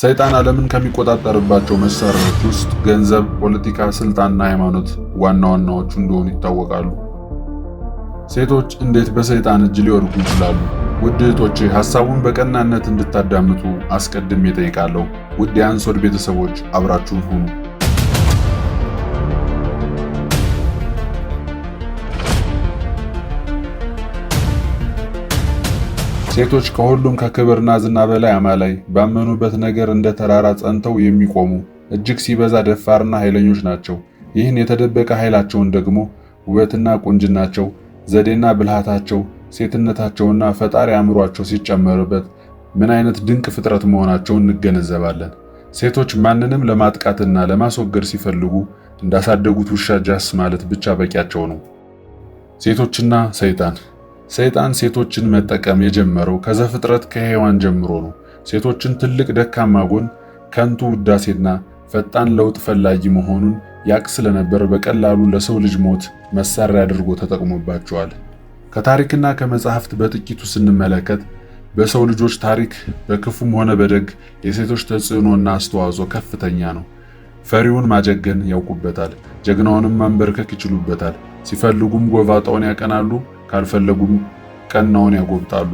ሰይጣን ዓለምን ከሚቆጣጠርባቸው መሳሪያዎች ውስጥ ገንዘብ፣ ፖለቲካ፣ ስልጣንና ሃይማኖት ዋና ዋናዎቹ እንደሆኑ ይታወቃሉ። ሴቶች እንዴት በሰይጣን እጅ ሊወድቁ ይችላሉ? ውድ ሀሳቡን ሐሳቡን በቀናነት እንድታዳምጡ አስቀድሜ እጠይቃለሁ። ውድ የአንሶድ ቤተሰቦች አብራችሁን ሁኑ። ሴቶች ከሁሉም ከክብርና ዝና በላይ አማላይ፣ ባመኑበት ነገር እንደ ተራራ ጸንተው የሚቆሙ እጅግ ሲበዛ ደፋርና ኃይለኞች ናቸው። ይህን የተደበቀ ኃይላቸውን ደግሞ ውበትና ቁንጅናቸው፣ ዘዴና ብልሃታቸው፣ ሴትነታቸውና ፈጣሪ አእምሯቸው ሲጨመርበት ምን አይነት ድንቅ ፍጥረት መሆናቸውን እንገነዘባለን። ሴቶች ማንንም ለማጥቃትና ለማስወገድ ሲፈልጉ እንዳሳደጉት ውሻ ጃስ ማለት ብቻ በቂያቸው ነው። ሴቶችና ሰይጣን ሰይጣን ሴቶችን መጠቀም የጀመረው ከዘፍጥረት ከሔዋን ጀምሮ ነው። ሴቶችን ትልቅ ደካማ ጎን፣ ከንቱ ውዳሴና ፈጣን ለውጥ ፈላጊ መሆኑን ያቅ ስለነበር በቀላሉ ለሰው ልጅ ሞት መሳሪያ አድርጎ ተጠቅሞባቸዋል። ከታሪክና ከመጽሐፍት በጥቂቱ ስንመለከት በሰው ልጆች ታሪክ በክፉም ሆነ በደግ የሴቶች ተጽዕኖና አስተዋጽኦ ከፍተኛ ነው። ፈሪውን ማጀገን ያውቁበታል፣ ጀግናውንም ማንበርከክ ይችሉበታል። ሲፈልጉም ጎባጣውን ያቀናሉ ካልፈለጉም ቀናውን ያጎብጣሉ።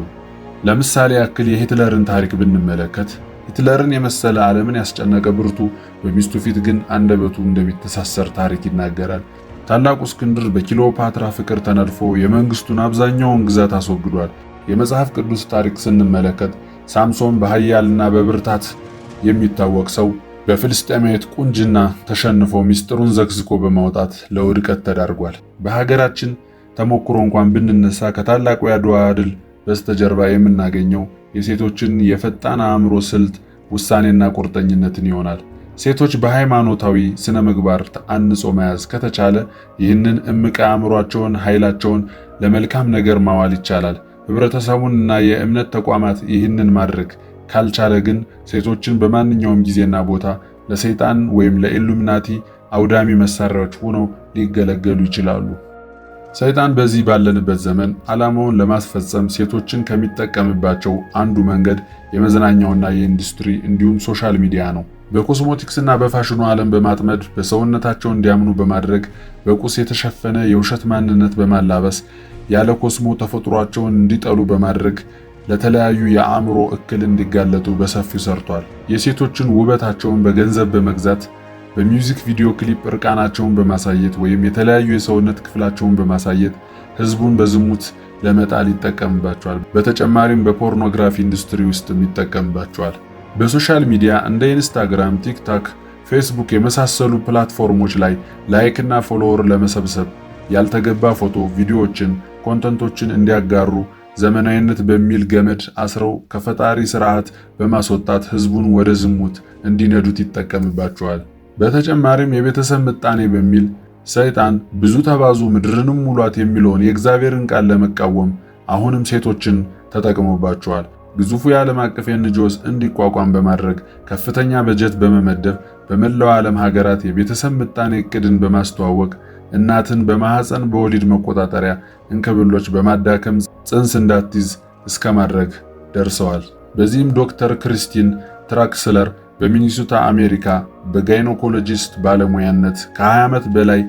ለምሳሌ ያክል የሂትለርን ታሪክ ብንመለከት ሂትለርን የመሰለ ዓለምን ያስጨነቀ ብርቱ በሚስቱ ፊት ግን አንደበቱ እንደሚተሳሰር ታሪክ ይናገራል። ታላቁ እስክንድር በኪሎፓትራ ፍቅር ተነድፎ የመንግስቱን አብዛኛውን ግዛት አስወግዷል። የመጽሐፍ ቅዱስ ታሪክ ስንመለከት ሳምሶን በኃያልና በብርታት የሚታወቅ ሰው በፍልስጤማዊት ቁንጅና ተሸንፎ ሚስጥሩን ዘግዝቆ በማውጣት ለውድቀት ተዳርጓል። በሀገራችን ተሞክሮ እንኳን ብንነሳ ከታላቁ የአድዋ ድል በስተጀርባ የምናገኘው የሴቶችን የፈጣን አእምሮ ስልት፣ ውሳኔና ቁርጠኝነትን ይሆናል። ሴቶች በሃይማኖታዊ ስነ ምግባር ተአንጾ መያዝ ከተቻለ ይህንን እምቅ አእምሯቸውን፣ ኃይላቸውን ለመልካም ነገር ማዋል ይቻላል። ህብረተሰቡንና የእምነት ተቋማት ይህንን ማድረግ ካልቻለ ግን ሴቶችን በማንኛውም ጊዜና ቦታ ለሰይጣን ወይም ለኢሉሚናቲ አውዳሚ መሳሪያዎች ሆነው ሊገለገሉ ይችላሉ። ሰይጣን በዚህ ባለንበት ዘመን ዓላማውን ለማስፈጸም ሴቶችን ከሚጠቀምባቸው አንዱ መንገድ የመዝናኛውና የኢንዱስትሪ እንዲሁም ሶሻል ሚዲያ ነው። በኮስሞቲክስና በፋሽኑ ዓለም በማጥመድ በሰውነታቸው እንዲያምኑ በማድረግ በቁስ የተሸፈነ የውሸት ማንነት በማላበስ ያለ ኮስሞ ተፈጥሯቸውን እንዲጠሉ በማድረግ ለተለያዩ የአእምሮ እክል እንዲጋለጡ በሰፊው ሰርቷል። የሴቶችን ውበታቸውን በገንዘብ በመግዛት በሚውዚክ ቪዲዮ ክሊፕ እርቃናቸውን በማሳየት ወይም የተለያዩ የሰውነት ክፍላቸውን በማሳየት ህዝቡን በዝሙት ለመጣል ይጠቀምባቸዋል። በተጨማሪም በፖርኖግራፊ ኢንዱስትሪ ውስጥም ይጠቀምባቸዋል። በሶሻል ሚዲያ እንደ ኢንስታግራም፣ ቲክታክ፣ ፌስቡክ የመሳሰሉ ፕላትፎርሞች ላይ ላይክ እና ፎሎወር ለመሰብሰብ ያልተገባ ፎቶ፣ ቪዲዮዎችን፣ ኮንተንቶችን እንዲያጋሩ ዘመናዊነት በሚል ገመድ አስረው ከፈጣሪ ስርዓት በማስወጣት ህዝቡን ወደ ዝሙት እንዲነዱት ይጠቀምባቸዋል። በተጨማሪም የቤተሰብ ምጣኔ በሚል ሰይጣን ብዙ ተባዙ ምድርንም ሙሏት የሚለውን የእግዚአብሔርን ቃል ለመቃወም አሁንም ሴቶችን ተጠቅሞባቸዋል። ግዙፉ የዓለም አቀፍ የንጆስ እንዲቋቋም በማድረግ ከፍተኛ በጀት በመመደብ በመላው ዓለም ሀገራት የቤተሰብ ምጣኔ እቅድን በማስተዋወቅ እናትን በማህፀን በወሊድ መቆጣጠሪያ እንክብሎች በማዳከም ጽንስ እንዳትይዝ እስከ ማድረግ ደርሰዋል። በዚህም ዶክተር ክሪስቲን ትራክስለር በሚኒሶታ አሜሪካ በጋይኖኮሎጂስት ባለሙያነት ከ20 ዓመት በላይ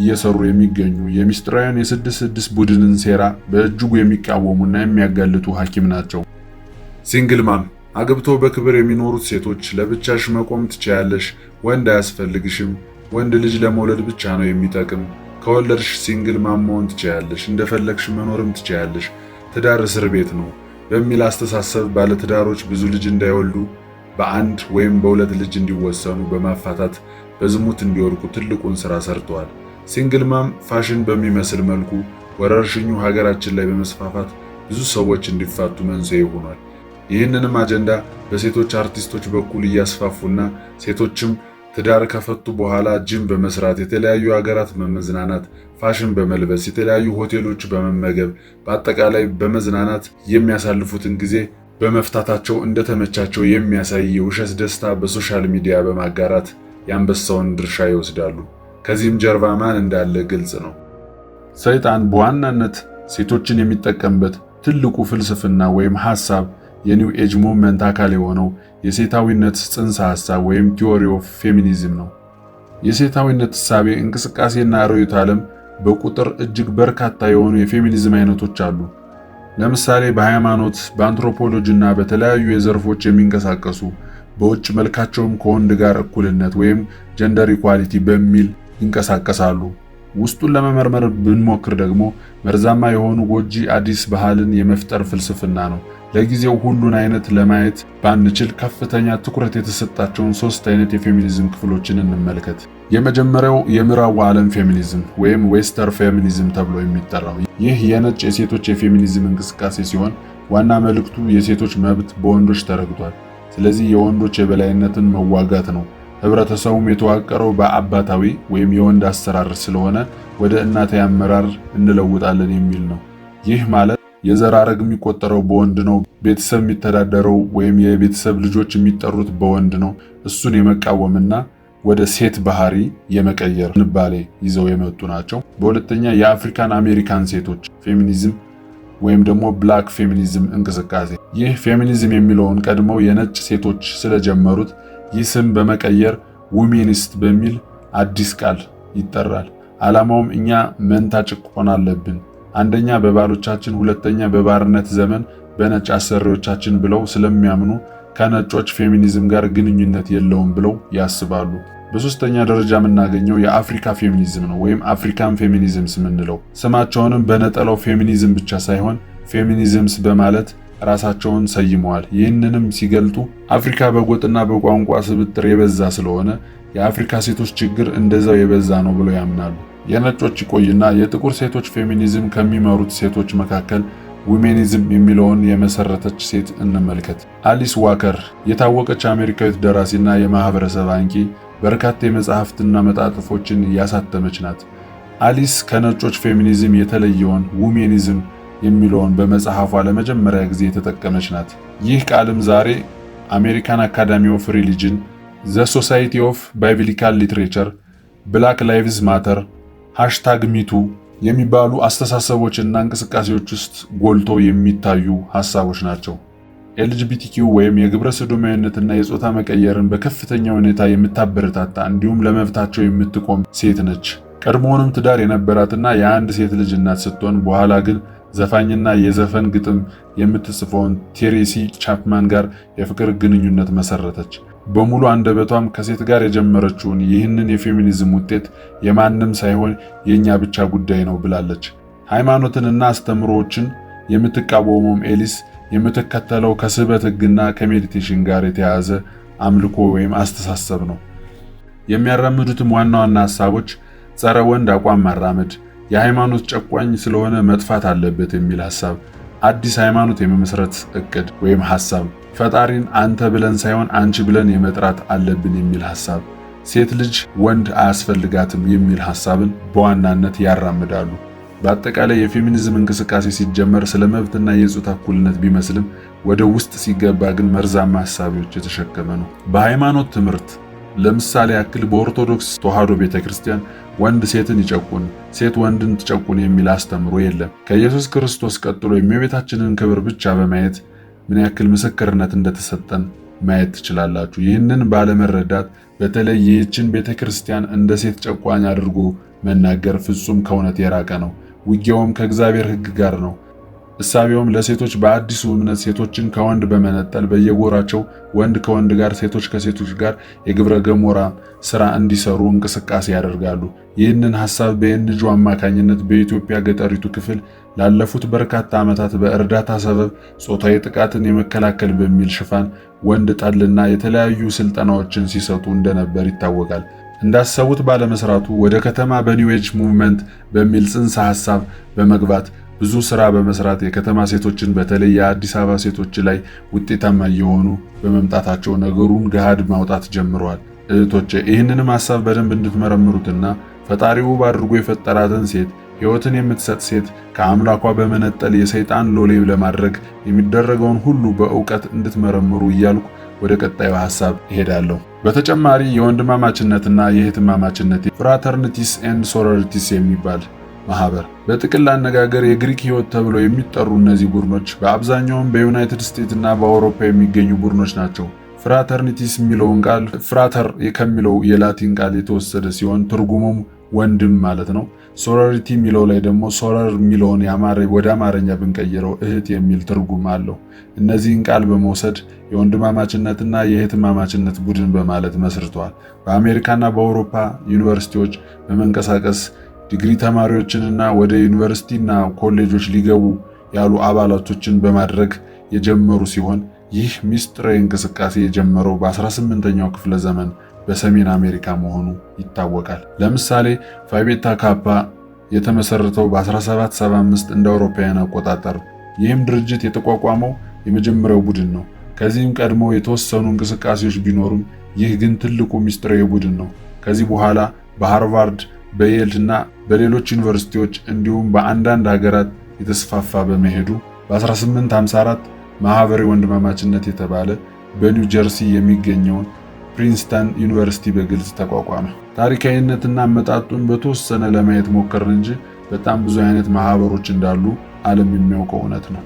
እየሰሩ የሚገኙ የሚስጥራውያን የ66 ቡድንን ሴራ በእጅጉ የሚቃወሙና የሚያጋልጡ ሐኪም ናቸው። ሲንግል ማም አግብቶ በክብር የሚኖሩት ሴቶች ለብቻሽ መቆም ትችያለሽ፣ ወንድ አያስፈልግሽም፣ ወንድ ልጅ ለመውለድ ብቻ ነው የሚጠቅም፣ ከወለድሽ ሲንግል ማም መሆን ትችያለሽ፣ እንደፈለግሽ መኖርም ትችያለሽ፣ ትዳር እስር ቤት ነው በሚል አስተሳሰብ ባለትዳሮች ብዙ ልጅ እንዳይወልዱ በአንድ ወይም በሁለት ልጅ እንዲወሰኑ በማፋታት በዝሙት እንዲወድቁ ትልቁን ሥራ ሰርተዋል። ሲንግል ማም ፋሽን በሚመስል መልኩ ወረርሽኙ ሀገራችን ላይ በመስፋፋት ብዙ ሰዎች እንዲፋቱ መንስኤ ሆኗል። ይህንንም አጀንዳ በሴቶች አርቲስቶች በኩል እያስፋፉና ሴቶችም ትዳር ከፈቱ በኋላ ጅም በመስራት የተለያዩ ሀገራት በመዝናናት ፋሽን በመልበስ የተለያዩ ሆቴሎች በመመገብ በአጠቃላይ በመዝናናት የሚያሳልፉትን ጊዜ በመፍታታቸው እንደተመቻቸው የሚያሳይ የውሸት ደስታ በሶሻል ሚዲያ በማጋራት የአንበሳውን ድርሻ ይወስዳሉ። ከዚህም ጀርባ ማን እንዳለ ግልጽ ነው። ሰይጣን በዋናነት ሴቶችን የሚጠቀምበት ትልቁ ፍልስፍና ወይም ሐሳብ የኒው ኤጅ ሙቭመንት አካል የሆነው የሴታዊነት ጽንሰ ሐሳብ ወይም ቲዎሪ ኦፍ ፌሚኒዝም ነው። የሴታዊነት እሳቤ እንቅስቃሴና ርዕዮተ ዓለም በቁጥር እጅግ በርካታ የሆኑ የፌሚኒዝም አይነቶች አሉ። ለምሳሌ በሃይማኖት በአንትሮፖሎጂ እና በተለያዩ የዘርፎች የሚንቀሳቀሱ በውጭ መልካቸውም ከወንድ ጋር እኩልነት ወይም ጀንደር ኢኳሊቲ በሚል ይንቀሳቀሳሉ። ውስጡን ለመመርመር ብንሞክር ደግሞ መርዛማ የሆኑ ጎጂ አዲስ ባህልን የመፍጠር ፍልስፍና ነው። ለጊዜው ሁሉን አይነት ለማየት ባንችል ከፍተኛ ትኩረት የተሰጣቸውን ሶስት አይነት የፌሚኒዝም ክፍሎችን እንመልከት። የመጀመሪያው የምዕራቡ ዓለም ፌሚኒዝም ወይም ዌስተር ፌሚኒዝም ተብሎ የሚጠራው ይህ የነጭ የሴቶች የፌሚኒዝም እንቅስቃሴ ሲሆን ዋና መልእክቱ የሴቶች መብት በወንዶች ተረግቷል። ስለዚህ የወንዶች የበላይነትን መዋጋት ነው። ህብረተሰቡም የተዋቀረው በአባታዊ ወይም የወንድ አሰራር ስለሆነ ወደ እናታዊ አመራር እንለውጣለን የሚል ነው። ይህ ማለት የዘር ሐረግ የሚቆጠረው በወንድ ነው። ቤተሰብ የሚተዳደረው ወይም የቤተሰብ ልጆች የሚጠሩት በወንድ ነው። እሱን የመቃወምና ወደ ሴት ባህሪ የመቀየር ንባሌ ይዘው የመጡ ናቸው። በሁለተኛ የአፍሪካን አሜሪካን ሴቶች ፌሚኒዝም ወይም ደግሞ ብላክ ፌሚኒዝም እንቅስቃሴ። ይህ ፌሚኒዝም የሚለውን ቀድመው የነጭ ሴቶች ስለጀመሩት ይህ ስም በመቀየር ውሜኒስት በሚል አዲስ ቃል ይጠራል። ዓላማውም እኛ መንታ ጭቆን አለብን፣ አንደኛ በባሎቻችን፣ ሁለተኛ በባርነት ዘመን በነጭ አሰሪዎቻችን ብለው ስለሚያምኑ ከነጮች ፌሚኒዝም ጋር ግንኙነት የለውም ብለው ያስባሉ። በሶስተኛ ደረጃ የምናገኘው የአፍሪካ ፌሚኒዝም ነው ወይም አፍሪካን ፌሚኒዝምስ የምንለው ስማቸውንም በነጠላው ፌሚኒዝም ብቻ ሳይሆን ፌሚኒዝምስ በማለት ራሳቸውን ሰይመዋል። ይህንንም ሲገልጡ አፍሪካ በጎጥና በቋንቋ ስብጥር የበዛ ስለሆነ የአፍሪካ ሴቶች ችግር እንደዛው የበዛ ነው ብለው ያምናሉ። የነጮች ይቆይና የጥቁር ሴቶች ፌሚኒዝም ከሚመሩት ሴቶች መካከል ዊሜኒዝም የሚለውን የመሰረተች ሴት እንመልከት። አሊስ ዋከር የታወቀች አሜሪካዊት ደራሲና የማህበረሰብ አንቂ በርካታ የመጽሐፍትና መጣጥፎችን ያሳተመች ናት። አሊስ ከነጮች ፌሚኒዝም የተለየውን ውሜኒዝም የሚለውን በመጽሐፏ ለመጀመሪያ ጊዜ የተጠቀመች ናት። ይህ ቃልም ዛሬ አሜሪካን አካዳሚ ኦፍ ሪሊጅን፣ ዘ ሶሳይቲ ኦፍ ባይብሊካል ሊትሬቸር፣ ብላክ ላይቭዝ ማተር፣ ሃሽታግ ሚቱ የሚባሉ አስተሳሰቦችና እንቅስቃሴዎች ውስጥ ጎልቶ የሚታዩ ሀሳቦች ናቸው። ኤልጂቢቲኪው ወይም የግብረ ሰዶማዊነትና የጾታ መቀየርን በከፍተኛ ሁኔታ የምታበረታታ እንዲሁም ለመብታቸው የምትቆም ሴት ነች። ቀድሞውንም ትዳር የነበራትና የአንድ ሴት ልጅ እናት ስትሆን በኋላ ግን ዘፋኝና የዘፈን ግጥም የምትጽፈውን ቴሬሲ ቻፕማን ጋር የፍቅር ግንኙነት መሰረተች። በሙሉ አንደበቷም ከሴት ጋር የጀመረችውን ይህንን የፌሚኒዝም ውጤት የማንም ሳይሆን የእኛ ብቻ ጉዳይ ነው ብላለች። ሃይማኖትንና አስተምሮዎችን የምትቃወመውም ኤሊስ የምትከተለው ከስበት ህግና ከሜዲቴሽን ጋር የተያያዘ አምልኮ ወይም አስተሳሰብ ነው። የሚያራምዱትም ዋና ዋና ሐሳቦች ጸረ ወንድ አቋም ማራመድ፣ የሃይማኖት ጨቋኝ ስለሆነ መጥፋት አለበት የሚል ሐሳብ፣ አዲስ ሃይማኖት የመመስረት እቅድ ወይም ሐሳብ፣ ፈጣሪን አንተ ብለን ሳይሆን አንቺ ብለን የመጥራት አለብን የሚል ሐሳብ፣ ሴት ልጅ ወንድ አያስፈልጋትም የሚል ሐሳብን በዋናነት ያራምዳሉ። በአጠቃላይ የፌሚኒዝም እንቅስቃሴ ሲጀመር ስለ መብትና የጾታ እኩልነት ቢመስልም ወደ ውስጥ ሲገባ ግን መርዛማ ሀሳቢዎች የተሸከመ ነው። በሃይማኖት ትምህርት ለምሳሌ ያክል በኦርቶዶክስ ተዋህዶ ቤተክርስቲያን ወንድ ሴትን ይጨቁን፣ ሴት ወንድን ትጨቁን የሚል አስተምሮ የለም። ከኢየሱስ ክርስቶስ ቀጥሎ የእመቤታችንን ክብር ብቻ በማየት ምን ያክል ምስክርነት እንደተሰጠን ማየት ትችላላችሁ። ይህንን ባለመረዳት በተለይ ይህችን ቤተክርስቲያን እንደ ሴት ጨቋኝ አድርጎ መናገር ፍጹም ከእውነት የራቀ ነው። ውጊያውም ከእግዚአብሔር ሕግ ጋር ነው። እሳቤውም ለሴቶች በአዲሱ እምነት ሴቶችን ከወንድ በመነጠል በየጎራቸው ወንድ ከወንድ ጋር፣ ሴቶች ከሴቶች ጋር የግብረ ገሞራ ስራ እንዲሰሩ እንቅስቃሴ ያደርጋሉ። ይህንን ሐሳብ በኤንጆ አማካኝነት በኢትዮጵያ ገጠሪቱ ክፍል ላለፉት በርካታ ዓመታት በእርዳታ ሰበብ ጾታዊ ጥቃትን የመከላከል በሚል ሽፋን ወንድ ጠልና የተለያዩ ስልጠናዎችን ሲሰጡ እንደነበር ይታወቃል። እንዳሰቡት ባለመስራቱ ወደ ከተማ በኒው ሙቭመንት በሚል ጽንሰ ሐሳብ በመግባት ብዙ ስራ በመስራት የከተማ ሴቶችን በተለይ የአዲስ አበባ ሴቶች ላይ ውጤታማ እየሆኑ በመምጣታቸው ነገሩን ገሃድ ማውጣት ጀምረዋል። እህቶቼ ይህንንም ሐሳብ በደንብ እንድትመረምሩትና ፈጣሪው አድርጎ የፈጠራትን ሴት ሕይወትን የምትሰጥ ሴት ከአምላኳ በመነጠል የሰይጣን ሎሌ ለማድረግ የሚደረገውን ሁሉ በእውቀት እንድትመረምሩ እያልኩ ወደ ቀጣዩ ሀሳብ እሄዳለሁ። በተጨማሪ የወንድማማችነትና የእህትማማችነት ፍራተርኒቲስ ኤንድ ሶሮሪቲስ የሚባል ማህበር በጥቅል አነጋገር የግሪክ ህይወት ተብሎ የሚጠሩ እነዚህ ቡድኖች በአብዛኛውም በዩናይትድ ስቴትስ እና በአውሮፓ የሚገኙ ቡድኖች ናቸው። ፍራተርኒቲስ የሚለውን ቃል ፍራተር ከሚለው የላቲን ቃል የተወሰደ ሲሆን ትርጉሙም ወንድም ማለት ነው። ሶራሪቲ የሚለው ላይ ደግሞ ሶረር የሚለውን ወደ አማርኛ ብንቀይረው እህት የሚል ትርጉም አለው። እነዚህን ቃል በመውሰድ የወንድማማችነትና የእህትማማችነት ቡድን በማለት መስርተዋል። በአሜሪካና በአውሮፓ ዩኒቨርሲቲዎች በመንቀሳቀስ ዲግሪ ተማሪዎችንና ወደ ዩኒቨርሲቲና ኮሌጆች ሊገቡ ያሉ አባላቶችን በማድረግ የጀመሩ ሲሆን ይህ ሚስጥራዊ እንቅስቃሴ የጀመረው በ18ኛው ክፍለ ዘመን በሰሜን አሜሪካ መሆኑ ይታወቃል። ለምሳሌ ፋይቤታ ካፓ የተመሰረተው በ1775 እንደ አውሮፓውያን አቆጣጠር። ይህም ድርጅት የተቋቋመው የመጀመሪያው ቡድን ነው። ከዚህም ቀድሞ የተወሰኑ እንቅስቃሴዎች ቢኖሩም ይህ ግን ትልቁ ሚስጥራዊ ቡድን ነው። ከዚህ በኋላ በሃርቫርድ በየል እና በሌሎች ዩኒቨርሲቲዎች እንዲሁም በአንዳንድ ሀገራት የተስፋፋ በመሄዱ በ1854 ማህበሬ ወንድማማችነት የተባለ በኒው ጀርሲ የሚገኘውን ፕሪንስተን ዩኒቨርሲቲ በግልጽ ተቋቋመ። ታሪካዊነትና አመጣጡን በተወሰነ ለማየት ሞከርን እንጂ በጣም ብዙ አይነት ማህበሮች እንዳሉ ዓለም የሚያውቀው እውነት ነው።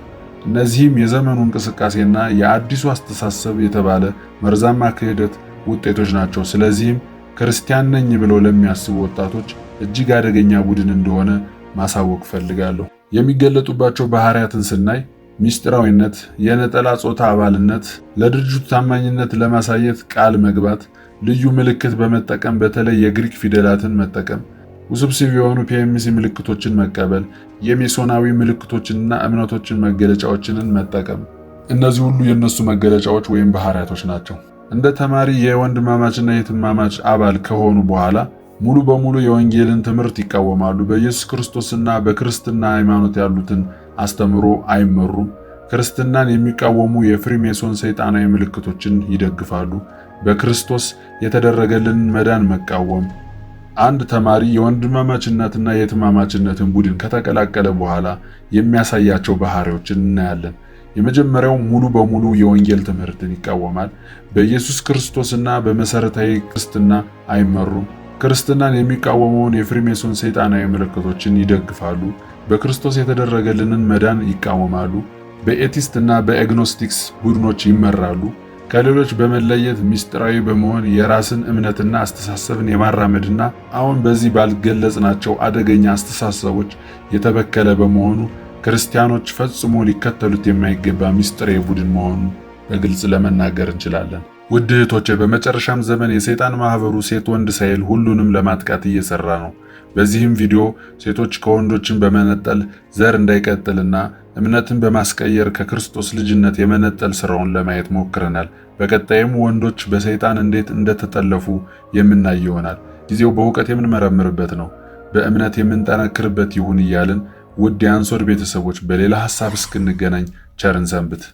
እነዚህም የዘመኑ እንቅስቃሴና የአዲሱ አስተሳሰብ የተባለ መርዛማ ክህደት ውጤቶች ናቸው። ስለዚህም ክርስቲያን ነኝ ብለው ለሚያስቡ ወጣቶች እጅግ አደገኛ ቡድን እንደሆነ ማሳወቅ ፈልጋለሁ። የሚገለጡባቸው ባህሪያትን ስናይ ሚስጥራዊነት፣ የነጠላ ጾታ አባልነት፣ ለድርጅቱ ታማኝነት ለማሳየት ቃል መግባት፣ ልዩ ምልክት በመጠቀም በተለይ የግሪክ ፊደላትን መጠቀም፣ ውስብስብ የሆኑ ፒኤምሲ ምልክቶችን መቀበል፣ የሜሶናዊ ምልክቶችንና እምነቶችን መገለጫዎችንን መጠቀም። እነዚህ ሁሉ የእነሱ መገለጫዎች ወይም ባህሪያቶች ናቸው። እንደ ተማሪ የወንድማማችና የትማማች አባል ከሆኑ በኋላ ሙሉ በሙሉ የወንጌልን ትምህርት ይቃወማሉ። በኢየሱስ ክርስቶስና በክርስትና ሃይማኖት ያሉትን አስተምሮ አይመሩም። ክርስትናን የሚቃወሙ የፍሪሜሶን ሰይጣናዊ ምልክቶችን ይደግፋሉ። በክርስቶስ የተደረገልን መዳን መቃወም። አንድ ተማሪ የወንድማማችነትና የትማማችነትን ቡድን ከተቀላቀለ በኋላ የሚያሳያቸው ባህሪዎችን እናያለን። የመጀመሪያው ሙሉ በሙሉ የወንጌል ትምህርትን ይቃወማል። በኢየሱስ ክርስቶስና በመሰረታዊ ክርስትና አይመሩም። ክርስትናን የሚቃወመውን የፍሪሜሶን ሰይጣናዊ ምልክቶችን ይደግፋሉ። በክርስቶስ የተደረገልንን መዳን ይቃወማሉ፣ በኤቲስት እና በኤግኖስቲክስ ቡድኖች ይመራሉ። ከሌሎች በመለየት ምስጢራዊ በመሆን የራስን እምነትና አስተሳሰብን የማራመድና አሁን በዚህ ባልገለጽናቸው አደገኛ አስተሳሰቦች የተበከለ በመሆኑ ክርስቲያኖች ፈጽሞ ሊከተሉት የማይገባ ምስጢራዊ ቡድን መሆኑን በግልጽ ለመናገር እንችላለን። ውድ እህቶቼ በመጨረሻም ዘመን የሰይጣን ማህበሩ ሴት ወንድ ሳይል ሁሉንም ለማጥቃት እየሰራ ነው። በዚህም ቪዲዮ ሴቶች ከወንዶችን በመነጠል ዘር እንዳይቀጥልና እምነትን በማስቀየር ከክርስቶስ ልጅነት የመነጠል ስራውን ለማየት ሞክረናል። በቀጣይም ወንዶች በሰይጣን እንዴት እንደተጠለፉ የምናይ ይሆናል። ጊዜው በእውቀት የምንመረምርበት ነው። በእምነት የምንጠነክርበት ይሁን እያልን ውድ የአንሶድ ቤተሰቦች በሌላ ሀሳብ እስክንገናኝ ቸርን ሰንብት።